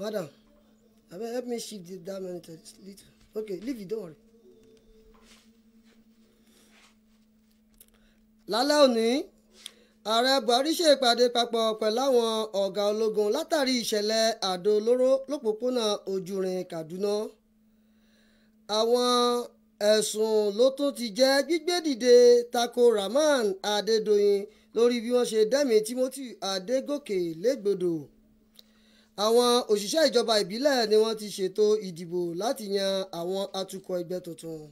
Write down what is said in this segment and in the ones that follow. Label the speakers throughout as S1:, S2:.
S1: madam abeg help me shift that monitor little okay leave it don't worry. lálẹ́ òní ààrẹ buhari ṣe ìpàdé papọ̀ pẹ̀lú àwọn ọ̀gá ológun látàrí ìṣẹ̀lẹ̀ àdó olóró lópòpónà ojúrin kaduna àwọn ẹ̀sùn ló tún ti jẹ́ gbígbé dìde tako rahman adédọ̀yìn lórí bí wọ́n ṣe dẹ́mi timothy adégòkè légbodò àwọn òṣìṣẹ́ ìjọba ìbílẹ̀ ni wọ́n ti ṣètò ìdìbò láti yan àwọn atukọ̀ ẹgbẹ́ tuntun.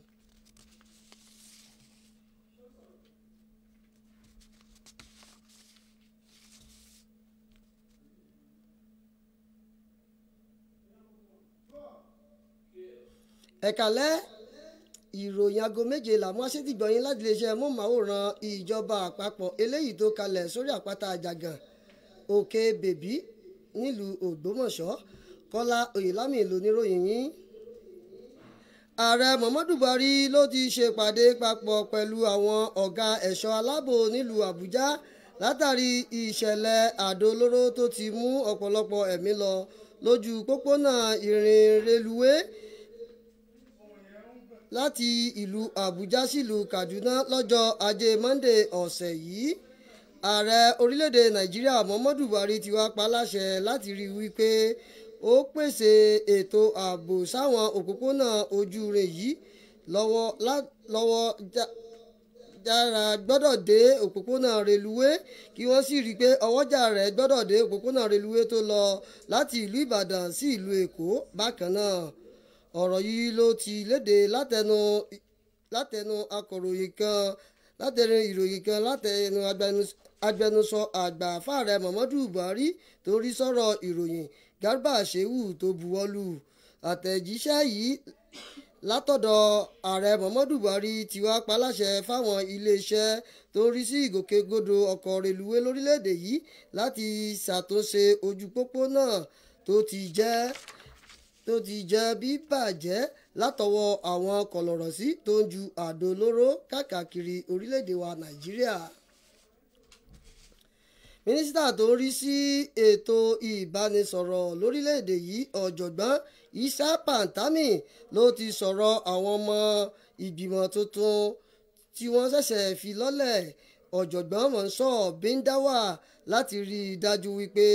S1: ẹ̀kálẹ́ ìròyìn aago méje làwọn aṣèdìgbọ̀yìn láti iléeṣẹ́ mọ́màwòrán ìjọba àpapọ̀ eléyìí tó kalẹ̀ sórí àpáta àjàgàn òkè bèbí nílùú Ògbómọ̀ṣọ́ Kọ́lá Oyèlámì lóníròyìn yín ààrẹ Muhammadu Buhari ló ti ṣèpàdé papọ̀ pẹ̀lú àwọn ọ̀gá ẹ̀ṣọ́ aláàbò nílùú Àbújá látàrí ìṣẹ̀lẹ̀ àdó olóró tó ti mú ọ̀pọ̀lọpọ̀ ẹ̀mí lọ lójú pópónà ìrìn reluwé láti ìlú Àbújá sílùú Kaduna lọ́jọ́ ajé Monday ọ̀sẹ̀ yìí ààrẹ orílẹ̀-èdè nàìjíríà muhammadu buhari ti wá pa láṣẹ láti rí i wípé ó pèsè ètò ààbò sáwọn òpópónà ojúure yìí lọ́wọ́ lọ́wọ́ jára gbọ́dọ̀ dé òpópónà reluwé kí wọ́n sì rí i pé ọwọ́jà rẹ̀ gbọ́dọ̀ dé òpópónà reluwé tó lọ láti ìlú ìbàdàn sí ìlú èkó bákan náà ọ̀rọ̀ yìí ló ti léde látẹnu látẹnu akọ̀ròyìn kan látẹnu ìròyìn kan látẹnu agbẹnusọ àgbà fààrẹ muhammadu buhari tó rí sọ̀rọ̀ ìròyìn garba shehu tó buwọ́lù àtẹ̀jíṣẹ́ yìí látọ̀dọ̀ ààrẹ muhammadu buhari ti wá paláṣẹ fáwọn iléeṣẹ́ tó ń rí sí ìgòkègbodò ọkọ̀ reluwé lórílẹ̀‐èdè yìí láti ṣàtúnṣe ojú pópó náà tó ti jẹ́ tó ti jẹ́ bíbàjẹ́ látọwọ́ àwọn kọ̀lọ̀rọ̀ sí tó ń ju àdó olóró káàkiri orílẹ̀‐èdè wa nàìjíríà mínísítà tó rí sí ètò ìbánisọ̀rọ̀ lórílẹ̀‐èdè yìí ọ̀jọ̀gbọ́n Isa Pantami ló ti sọ̀rọ̀ àwọn ọmọ ìgbìmọ̀ tuntun tí wọ́n ṣẹ̀ṣẹ̀ fi lọ́lẹ̀ ọ̀jọ̀gbọ́n mọ̀nsọ́ bíńdáwà láti rí i dájú wípé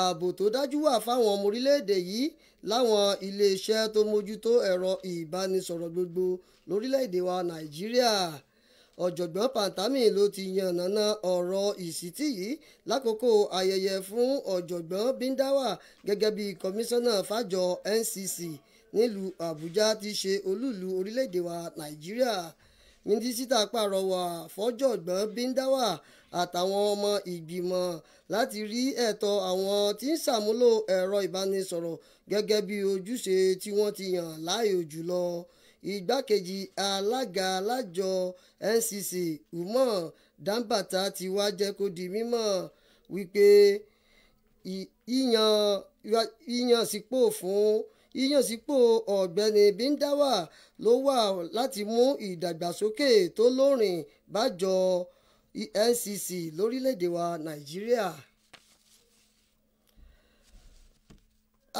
S1: ààbò tó dájú wà fáwọn ọmọ orílẹ̀-èdè yìí láwọn iléeṣẹ́ tó mójútó ẹ̀rọ ìbánisọ̀rọ̀ gbogbo lórílẹ̀-èdè wa Nàìjíríà ọ̀jọ̀gbọ́n pantami ló ti yànnàná ọ̀rọ̀ ìsítí yìí lákòókò ayẹyẹ fún ọ̀jọ̀gbọ́n bindawa gẹ́gẹ́ bí kọmíṣánná fàjọ NCC nílùú Àbújá ti ṣe olúìlú orílẹ̀-èdè wa Nàìjíríà mínísítà pàrọwà fọ́jọ̀gbọ́n bindawa àtàwọn ọmọ ìgbìmọ̀ láti rí ẹ̀tọ́ àwọn tí ń ṣàmúlò ẹ̀rọ ìbánisọ̀rọ̀ gẹ́gẹ́ bí ojúṣe tí wọ́n ti yàn láàyò jùlọ igbákejì alága alájọ NCC Umar Dambata ti wá jẹ́ kó di mímọ̀ wípé yíyan sípò fún yíyànsípò ọ̀gbẹ́ni Bindawa ló wà láti mú ìdàgbàsókè tó lóòrìn bájọ NCC lórílẹ̀‐èdè wa Nàìjíríà.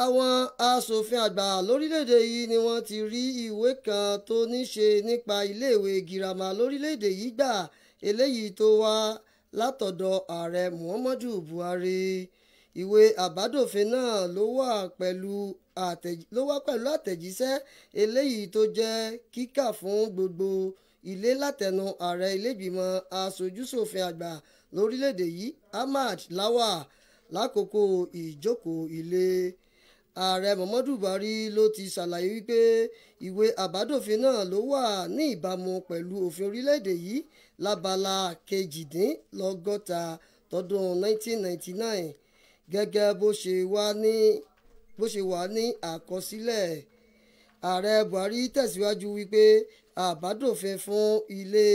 S1: àwọn asòfin àgbà lórílẹ̀‐èdè yìí ni wọ́n ti rí ìwé kan tó ní ṣe nípa iléèwé girama lórílẹ̀‐èdè yìí gbà eléyìí tó wá látọ̀dọ̀ ààrẹ Muhammadu Buhari ìwé àbádòfin náà ló wà pẹ̀lú ló wá pẹ̀lú àtẹ̀jíṣẹ́ eléyìí tó jẹ́ kíkà fún gbogbo ilé látẹnu ààrẹ ilégbìmọ̀ aṣojúṣòfin àgbà lórílẹ̀‐èdè yìí Ahmad Lawa lákòókò ìjókòó ilé ààrẹ muhammadu buhari ló ti ṣàlàyé wípé ìwé àbádòfin náà ló wà ní ìbámu pẹ̀lú òfin orílẹ̀-èdè yìí lábala kejìdínlọ́gọ́ta tọdún 1999 gẹ́gẹ́ bó ṣe wà ní bó ṣe wà ní àkọsílẹ̀ ààrẹ buhari tẹ̀síwájú wípé àbádòfin fún ilé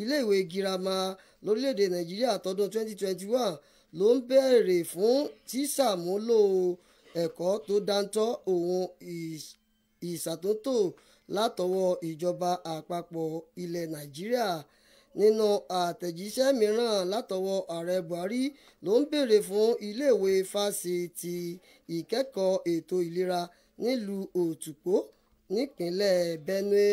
S1: iléèwé girama lórílẹ̀‐èdè nàìjíríà tọdún 2021 ló ń bẹ̀rẹ̀ fún sísàmúlò ẹ̀kọ́ tó dáńtọ́ òun ìṣàtúntò látọwọ́ ìjọba àpapọ̀ ilẹ̀ nàìjíríà nínú àtẹ̀jíṣẹ́ mìíràn látọwọ́ ààrẹ buhari ló ń béèrè fún iléèwé fásitì ìkẹ́kọ̀ọ́ ètò ìlera nílùú òtùpó nípínlẹ̀ benue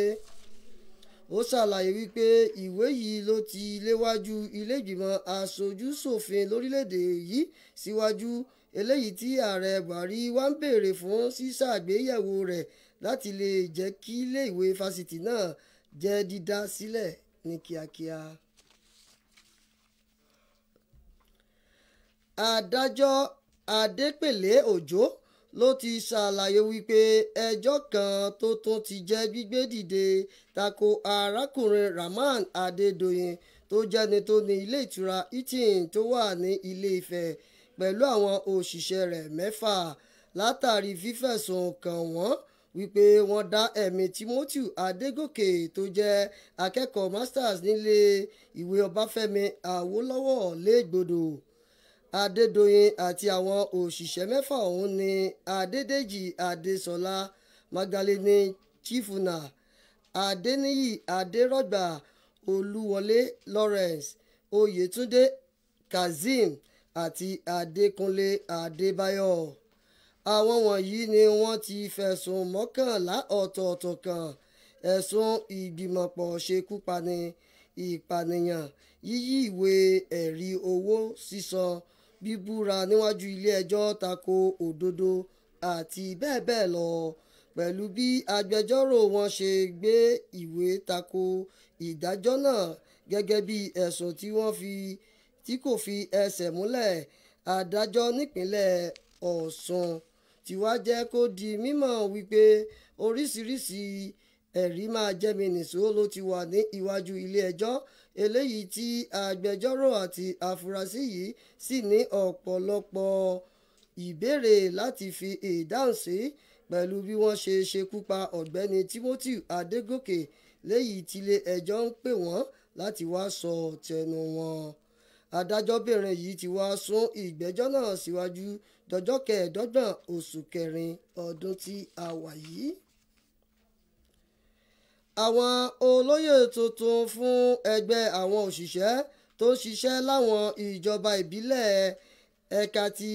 S1: ó ṣàlàyé wípé ìwé yìí ló ti léwájú ilé ìgbìmọ̀ aṣojú ṣòfin lórílẹ̀‐èdè yìí síwájú si eléyìí tí ààrẹ buhari wá ń béèrè fún ṣíṣàgbéyẹ̀wò rẹ̀ láti lè jẹ́ kí iléèwé fásitì náà jẹ́ dídá sílẹ̀ ní kíákíá. adájọ́ adépèlé òjó ló ti ṣàlàyé wípé ẹjọ́ kan tó tún ti jẹ́ gbígbé dìde tako arákùnrin rahman adédoyin tó jẹ́ni tó ní ilé ìtura eaton tó wà ní ilé Ifẹ̀ pẹ̀lú àwọn òṣìṣẹ́ rẹ̀ mẹ́fà látàrí fífẹ̀sùn kàn wọ́n wípé wọ́n dá ẹ̀mí Timothy Adégòkè tó jẹ́ akẹ́kọ̀ọ́ masters nílé ìwé Ọbáfẹ́mi Awólọ́wọ̀ légbodò Adédoyin àti àwọn òṣìṣẹ́ mẹ́fà ọ̀hún ni Adédèjì Adésọlá Magalini Chifuna Adéníyì Adérọ̀gbà Olúwọlé Lawrence Oyètúndé Kazeem àti Adékúnlé Adébáyọ̀ àwọn wọ̀nyí ni wọ́n ti fẹ̀sùn mọ́kànlá ọ̀tọ̀ọ̀tọ̀ kan ẹ̀sùn ìgbìmọ̀pọ̀ ṣekúpani ìpànìyàn yíyí ìwé ẹ̀rí owó sísan bíbúra níwájú ilé ẹjọ́ tako òdodo àti bẹ́ẹ̀ bẹ́ẹ̀ lọ pẹ̀lú bí agbẹjọ́rò wọn ṣe gbé ìwé tako ìdájọ́ náà gẹ́gẹ́ bí ẹ̀sùn tí wọ́n fi tí kò fi ẹsẹ̀ múlẹ̀ adájọ́ nípínlẹ̀ Ọ̀ṣun ti wá jẹ́ kó di mímọ̀ wípé oríṣiríṣi ẹ̀rí máa jẹ́mi nìṣó ló ti wà ní iwájú ilé-ẹjọ́ eléyìí tí agbẹjọ́rò àti afurasí yìí sì ní ọ̀pọ̀lọpọ̀ ìbéèrè láti fi ìdáhùn sí pẹ̀lú bí wọ́n ṣe ṣekú pa ọ̀gbẹ́ni Timothy Adégòkè léyìí tílé ẹjọ́ ń pè wọ́n láti wá sọ tẹnu wọn adájọ́bìnrin yìí ti wá sún ìgbẹ́jọ́ náà síwájú dọjọ́ kẹẹ̀ẹ́dọ́gbọ̀n oṣù kẹrin ọdún tí a wà yìí. àwọn olóyè tuntun fún ẹgbẹ́ àwọn òṣìṣẹ́ tó ń ṣiṣẹ́ láwọn ìjọba ìbílẹ̀ ẹ̀ka ti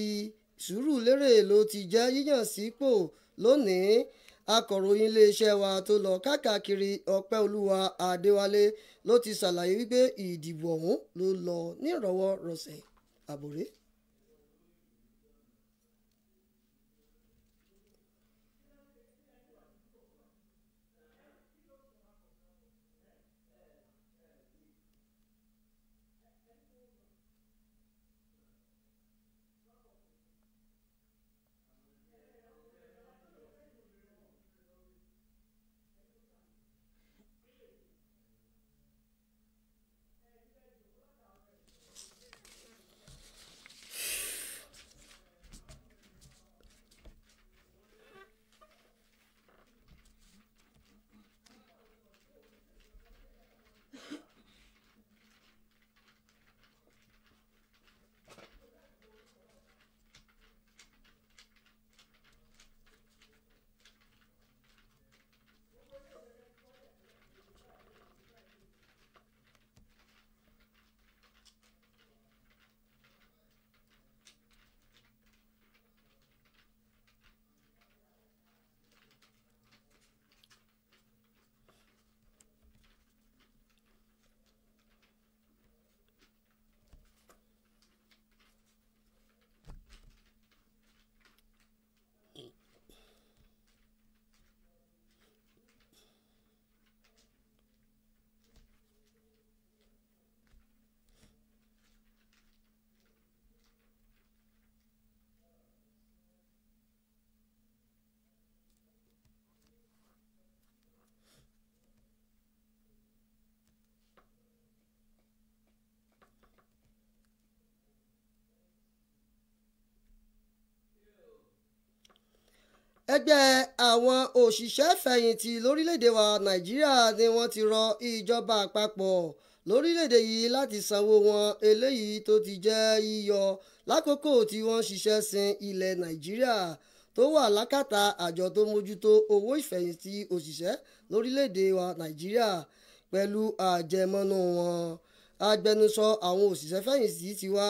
S1: Sùúrùlérè ló ti jẹ́ yíyàn sípò lónìí akọ̀ròyìn iléeṣẹ́ wa tó lọ káàkiri Ọpẹ́olúwa Adéwálé ló ti ṣàlàyé wípé ìdìbò ọ̀hún ló lọ nírọ̀wọ́ rọsẹ̀ àbòrè ẹgbẹ́ àwọn òṣìṣẹ́ fẹ̀yìntì lórílẹ̀‐èdè wa nàìjíríà ni wọ́n ti rọ ìjọba àpapọ̀ lórílẹ̀‐èdè yìí láti sanwó wọn eléyìí tó ti jẹ́ yíyọ lákòókò tí wọ́n ṣiṣẹ́ sin ilẹ̀ nàìjíríà tó wà lákàtà àjọ tó mójútó owó ìfẹ̀yìntì òṣìṣẹ́ lórílẹ̀‐èdè wa nàìjíríà pẹ̀lú àjẹmọ́nú wọn agbẹnusọ àwọn òṣìṣẹ́ fẹ̀yìntì ti wá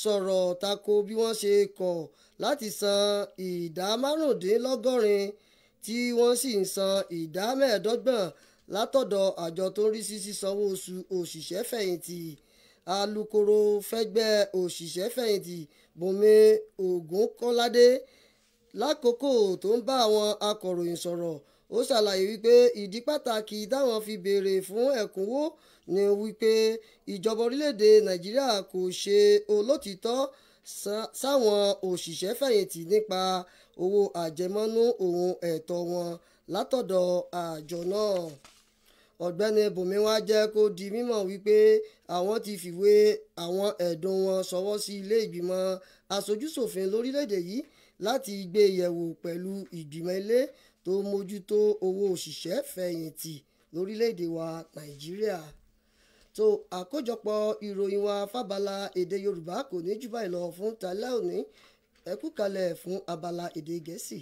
S1: sọ̀rọ̀ tako bí wọ́n ṣe kọ̀ láti san ìdá márùndínlọ́gọ́rin tí wọ́n sì ń san ìdá mẹ́ẹ̀ẹ́dọ́gbọ̀n látọ̀dọ̀ àjọ tó ń rí sí sísanwó oṣù òṣìṣẹ́fẹ̀yìntì alukoro fẹ́gbẹ́ òṣìṣẹ́fẹ̀yìntì bùnmi ògúnkọ́ládé lákòókò tó ń bá àwọn akọ̀ròyìn sọ̀rọ̀ ó ṣàlàyé wípé ìdí pàtàkì táwọn fi béèrè fún ẹ̀kúnwó e ni wípé ìjọba orílẹ̀-èdè nàìjíríà kò ṣe olótìtọ́ sáwọn òṣìṣẹ́ fẹ̀yìntì nípa owó àjẹmọ́nú ohun ẹ̀tọ́ wọn látọ̀dọ̀ àjọ náà ọ̀gbẹ́ni bùnmiwá jẹ́ kó di mímọ̀ wípé àwọn ti fìwé àwọn ẹ̀dùn wọn sọwọ́ sí ilé ìgbìmọ̀ aṣojúṣòfin lórílẹ̀‐èdè yìí láti gbé yẹ̀wò pẹ̀lú ìgbìmọ̀ ilé tó mójútó owó òṣìṣẹ́ fẹ̀yìntì lórílẹ̀‐èdè wa nàìjíríà tó àkójọpọ̀ ìròyìn wa fábala èdè yorùbá kò ní jù báyìí lọ fún tálẹ́ òní ẹ kalẹ̀ fún abala èdè gẹ̀ẹ́sì.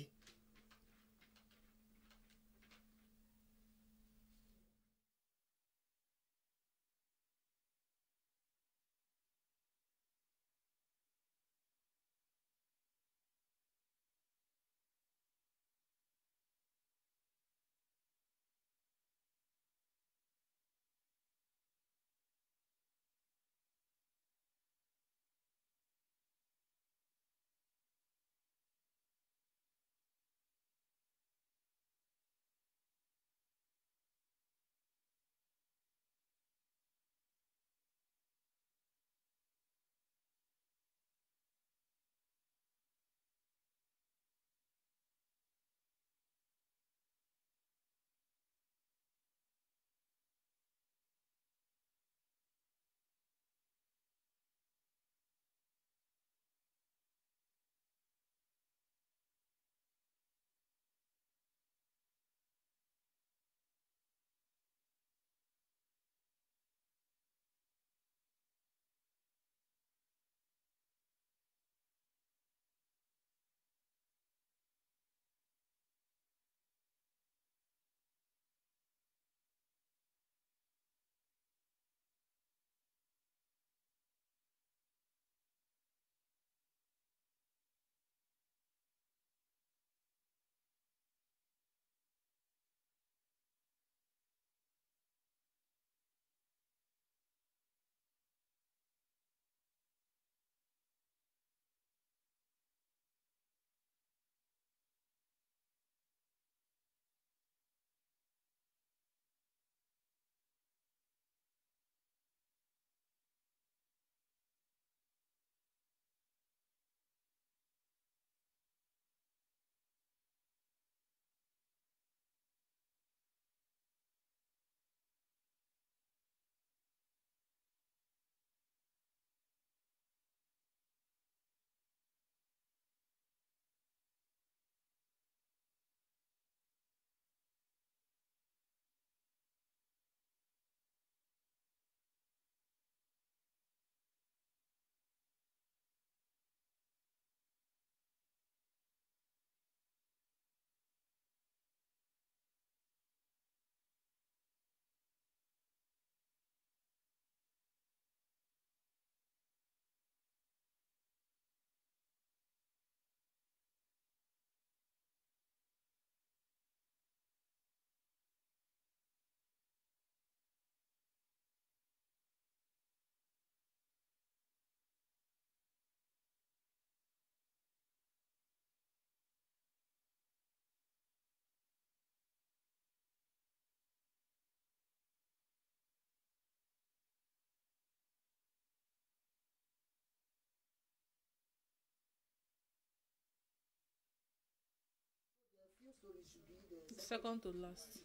S2: second, to last.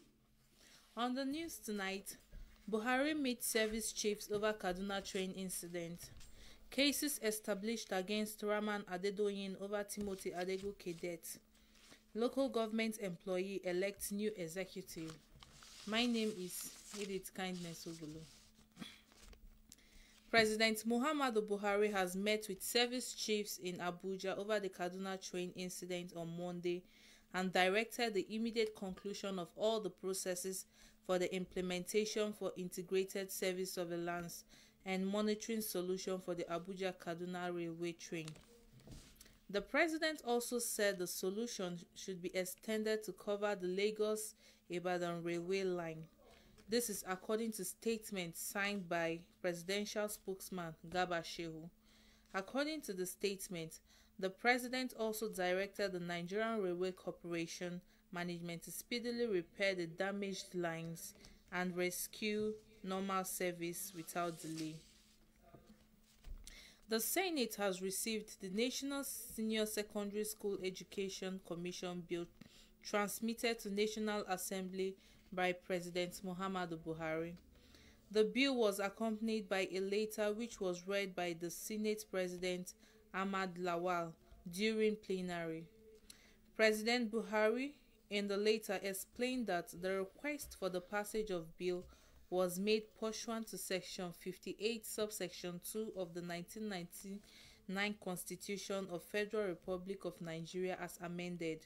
S2: On the news tonight, Buhari meets service chiefs over Kaduna train incident. Cases established against Raman Adedoyin over Timothy Adegoke death. Local government employee elects new executive. My name is Edith Kindness Ogulu. President Muhammadu Buhari has met with service chiefs in Abuja over the Kaduna train incident on Monday and directed the immediate conclusion of all the processes for the implementation for integrated service surveillance and monitoring solution for the Abuja Kaduna railway train. The president also said the solution should be extended to cover the Lagos Ibadan railway line. This is according to statement signed by presidential spokesman Gaba Shehu. According to the statement, The president also directed the Nigerian Railway Corporation management to speedily repair the damaged lines and rescue normal service without delay. The Senate has received the National Senior Secondary School Education Commission bill transmitted to National Assembly by President Muhammadu Buhari. The bill was accompanied by a letter which was read by the Senate President Ahmad Lawal during plenary. President Buhari in the later explained that the request for the passage of bill was made pursuant to section 58 subsection 2 of the 1999 constitution of federal republic of nigeria as amended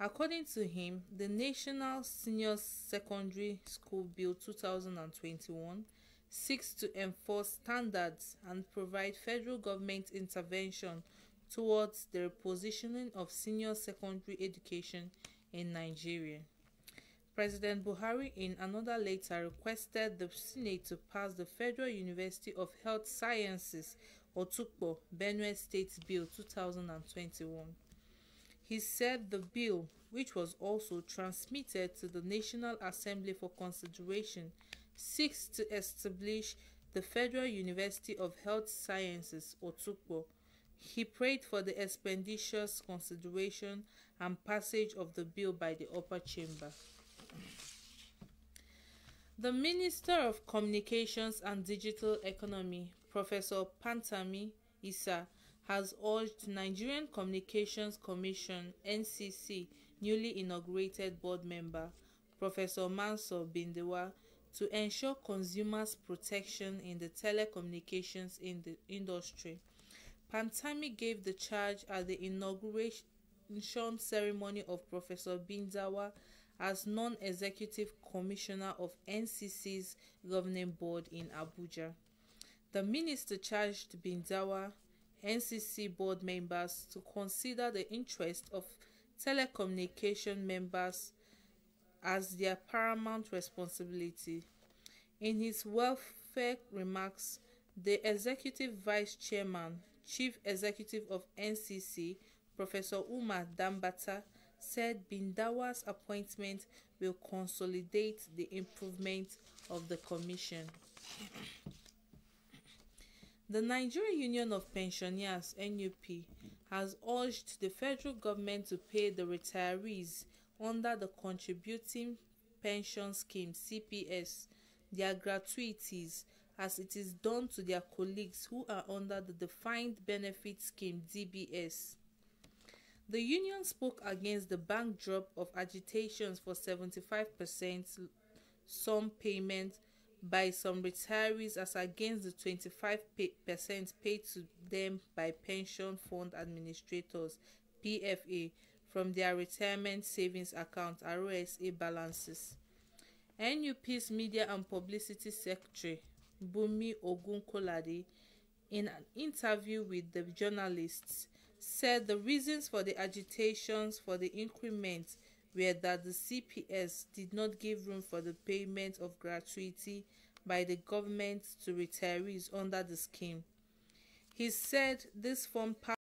S2: according to him the national senior secondary school bill 2021 seeks to enforce standards and provide federal government intervention towards the repositioning of senior secondary education in Nigeria. President Buhari in another letter requested the Senate to pass the Federal University of Health Sciences Otukpo Benue State Bill 2021. He said the bill, which was also transmitted to the National Assembly for consideration, seeks to establish the Federal University of Health Sciences, Otukpo. He prayed for the expeditious consideration and passage of the bill by the upper chamber. The Minister of Communications and Digital Economy, Professor Pantami Issa, has urged Nigerian Communications Commission NCC newly inaugurated board member Professor Mansour Bindewa to ensure consumers' protection in the telecommunications in the industry. Pantami gave the charge at the inauguration ceremony of Professor Bindawa as non-executive commissioner of NCC's governing board in Abuja. The minister charged Bindawa NCC board members to consider the interest of telecommunication members as their paramount responsibility. In his welfare remarks, the executive vice chairman, chief executive of NCC, Professor Uma Dambata, said Bindawa's appointment will consolidate the improvement of the commission. The Nigerian Union of Pensioners NUP has urged the federal government to pay the retirees under the Contributing Pension Scheme (CPS) their gratuities as it is done to their colleagues who are under the Defined Benefit Scheme (DBS). The union spoke against the bank drop of agitations for 75% some payment by some retirees as against the 25% paid to them by pension fund administrators PFA from their retirement savings account RSA balances. NUP's Media and Publicity Secretary Bumi Ogunkolade, in an interview with the journalists, said the reasons for the agitations for the increment were that the CPS did not give room for the payment of gratuity by the government to retirees under the scheme. He said this formed part